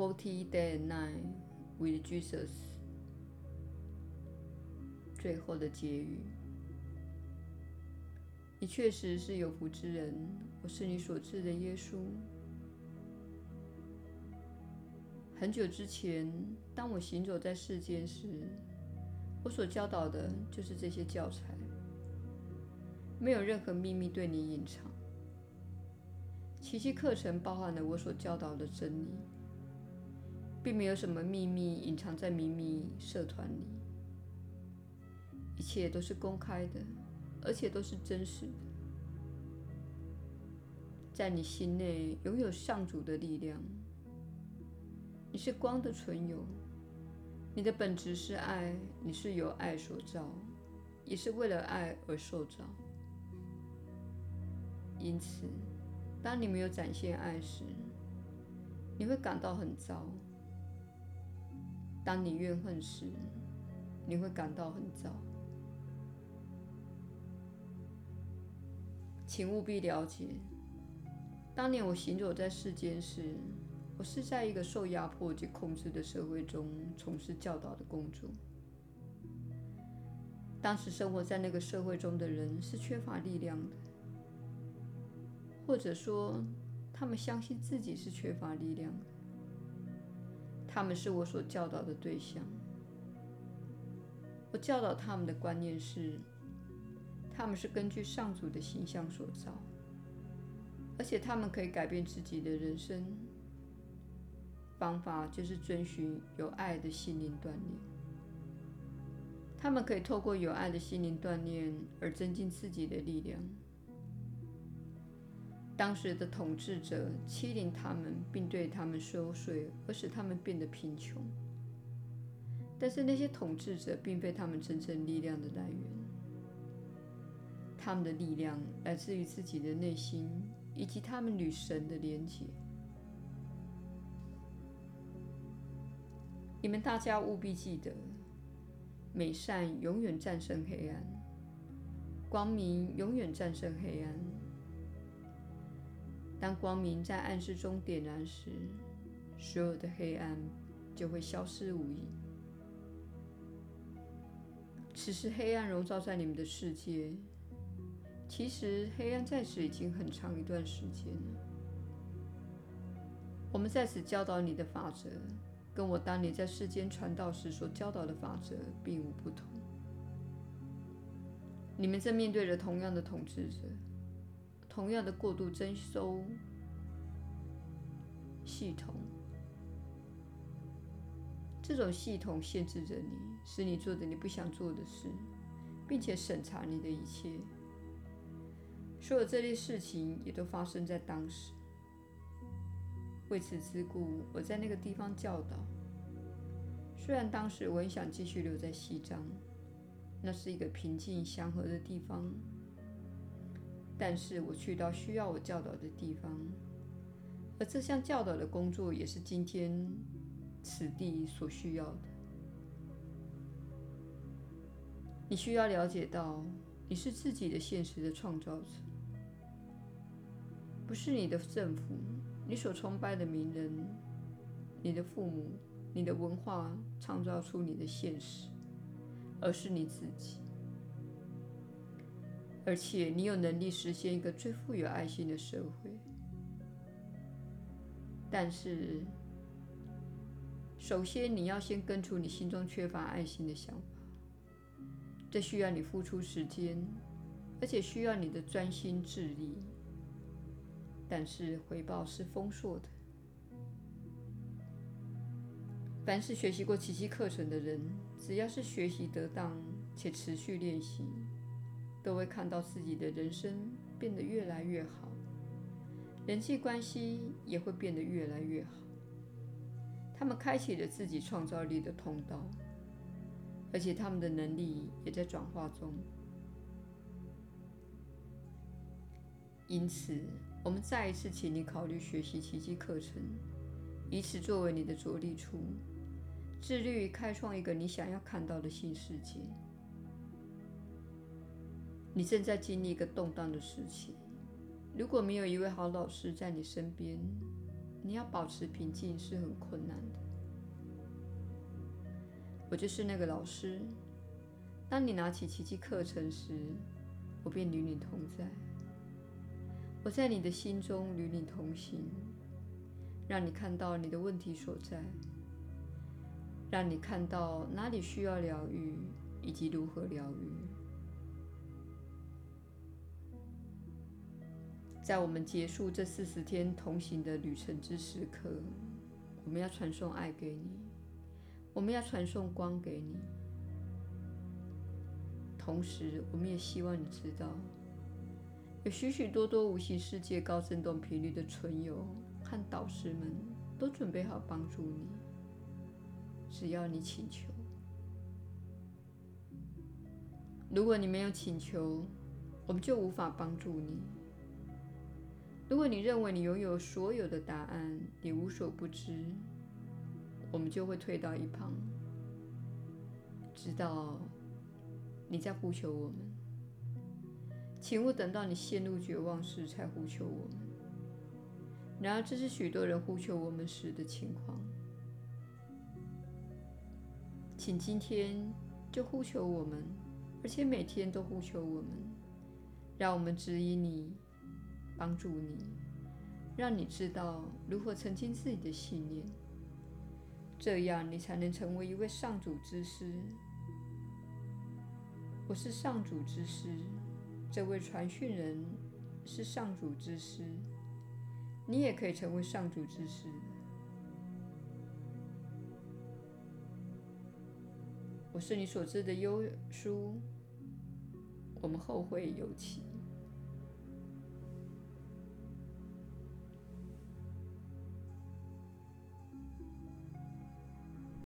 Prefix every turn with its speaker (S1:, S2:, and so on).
S1: Forty days and nights with Jesus，最後的結語。你確實是有福之人，我是你所知的耶穌。很久之前，當我行走在世間時，我所教導的就是這些教材，沒有任何秘密對你隱藏。奇蹟課程包含了我所教導的真理。並沒有什麼秘密隱藏在秘密社團裡，一切都是公開的，而且都是真實的。在你心內擁有上主的力量，你是光的存有，你的本質是愛，你是由愛所造，也是為了愛而受造。因此，當你沒有展現愛時，你會感到很糟。當你怨恨時，你會感到很糟。請務必了解，當年我行走在世間時，我是在一個受壓迫及控制的社會中從事教導的工作。當時生活在那個社會中的人是缺乏力量的，或者說，他們相信自己是缺乏力量的。他們是我所教導的對象。我教導他們的觀念是，他們是根據上主的形象所造，而且他們可以改變自己的人生，方法就是遵循有愛的心靈鍛鍊。他們可以透過有愛的心靈鍛鍊而增進自己的力量。當時的統治者欺凌他們，並對他們收稅，而使他們變得貧窮。但是那些統治者並非他們真正力量的來源。他們的力量來自於自己的內心，以及他們與神的連結。你們大家務必記得：美善永遠戰勝黑暗，光明永遠戰勝黑暗。當光明在暗室中點燃時，所有的黑暗就會消失無影。此時，黑暗籠罩在你們的世界。其實，黑暗在此已經很長一段時間了。我們在此教導你的法則，跟我當年在世間傳道時所教導的法則並無不同。你們正面對着同樣的統治者。同樣的過度徵收系統，這種系統限制着你，使你做着你不想做的事，並且審查你的一切。所有這類事情也都發生在當時。為此之故，我在那個地方教導。雖然當時我很想繼續留在西藏，那是一個平靜祥和的地方。但是我去到需要我教導的地方，而這項教導的工作也是今天此地所需要的。你需要了解到，你是自己的現實的創造者，不是你的政府、你所崇拜的名人、你的父母、你的文化創造出你的現實，而是你自己。而且你有能力實現一個最富有愛心的社會，但是，首先你要先根除你心中缺乏愛心的想法，這需要你付出時間，而且需要你的專心致力。但是回報是豐碩的。凡是學習過奇蹟課程的人，只要是學習得當且持續練習。都會看到自己的人生變得越來越好，人際關係也會變得越來越好。他們開啟了自己創造力的通道，而且他們的能力也在轉化中。因此，我們再一次請你考慮學習奇蹟課程，以此作為你的着力處，致力於開創一個你想要看到的新世界。你正在經歷一個動盪的時期，如果沒有一位好老師在你身邊，你要保持平靜是很困難的。我就是那個老師。當你拿起奇蹟課程時，我便與你同在。我在你的心中與你同行，讓你看到你的問題所在，讓你看到哪裡需要療癒，以及如何療癒。在我們結束這四十天同行的旅程之時刻，我們要傳送愛給你，我們要傳送光給你。同時，我們也希望你知道，有許許多多無形世界高振動頻率的存有和導師們都準備好幫助你，只要你請求。如果你沒有請求，我們就無法幫助你。如果你認為你擁有所有的答案，你無所不知，我們就會退到一旁，直到你在呼求我們。請勿等到你陷入絕望時才呼求我們。然而，這是許多人呼求我們時的情況。請今天就呼求我們，而且每天都呼求我們，讓我們指引你。幫助你，讓你知道如何澄清自己的信念，這樣你才能成為一位上主之師。我是上主之師，這位傳訊人是上主之師，你也可以成為上主之師。我是你所知的 JC，我們後會有期。